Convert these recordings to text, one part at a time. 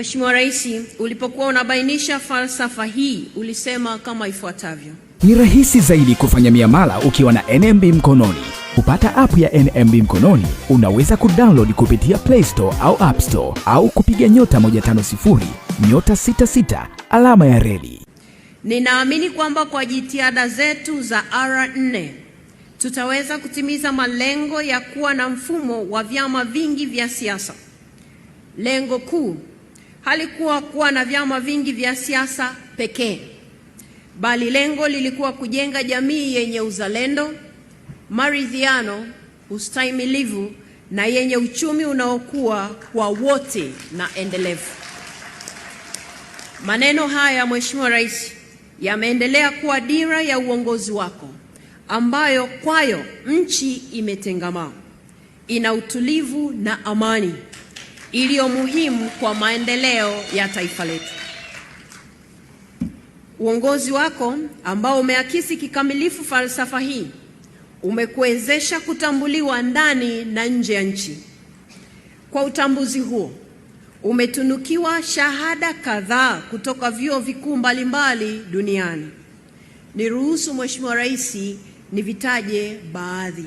Mheshimiwa Rais, ulipokuwa unabainisha falsafa hii ulisema kama ifuatavyo: ni rahisi zaidi kufanya miamala ukiwa na NMB mkononi. Kupata app ya NMB mkononi unaweza kudownload kupitia Play Store au App Store au kupiga nyota 150 nyota 66 alama ya reli. Ninaamini kwamba kwa jitihada zetu za R4 tutaweza kutimiza malengo ya kuwa na mfumo wa vyama vingi vya siasa. Lengo kuu halikuwa kuwa na vyama vingi vya siasa pekee, bali lengo lilikuwa kujenga jamii yenye uzalendo, maridhiano, ustahimilivu na yenye uchumi unaokuwa kwa wote na endelevu. Maneno haya, Mheshimiwa Rais, yameendelea kuwa dira ya uongozi wako ambayo kwayo nchi imetengamaa, ina utulivu na amani iliyo muhimu kwa maendeleo ya taifa letu. Uongozi wako ambao umeakisi kikamilifu falsafa hii umekuwezesha kutambuliwa ndani na nje ya nchi. Kwa utambuzi huo, umetunukiwa shahada kadhaa kutoka vyuo vikuu mbalimbali duniani. Niruhusu Mheshimiwa Rais nivitaje baadhi.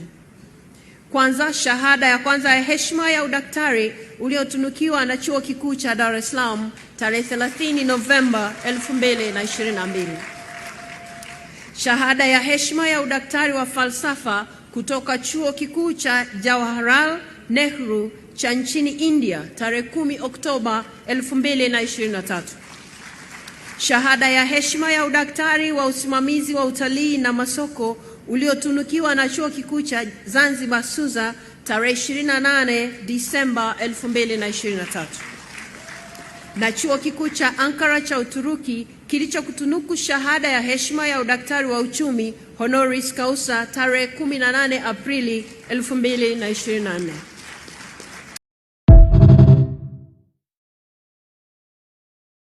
Kwanza, shahada ya kwanza ya heshima ya udaktari uliotunukiwa na Chuo Kikuu cha Dar es Salaam tarehe 30 Novemba 2022. Shahada ya heshima ya udaktari wa falsafa kutoka Chuo Kikuu cha Jawaharlal Nehru cha nchini India tarehe 10 Oktoba 2023. Shahada ya heshima ya udaktari wa usimamizi wa utalii na masoko uliotunukiwa na Chuo Kikuu cha Zanzibar Suza tarehe 28 Disemba 2023 na Chuo Kikuu cha Ankara cha Uturuki kilichokutunuku shahada ya heshima ya udaktari wa uchumi honoris causa tarehe 18 Aprili 2024.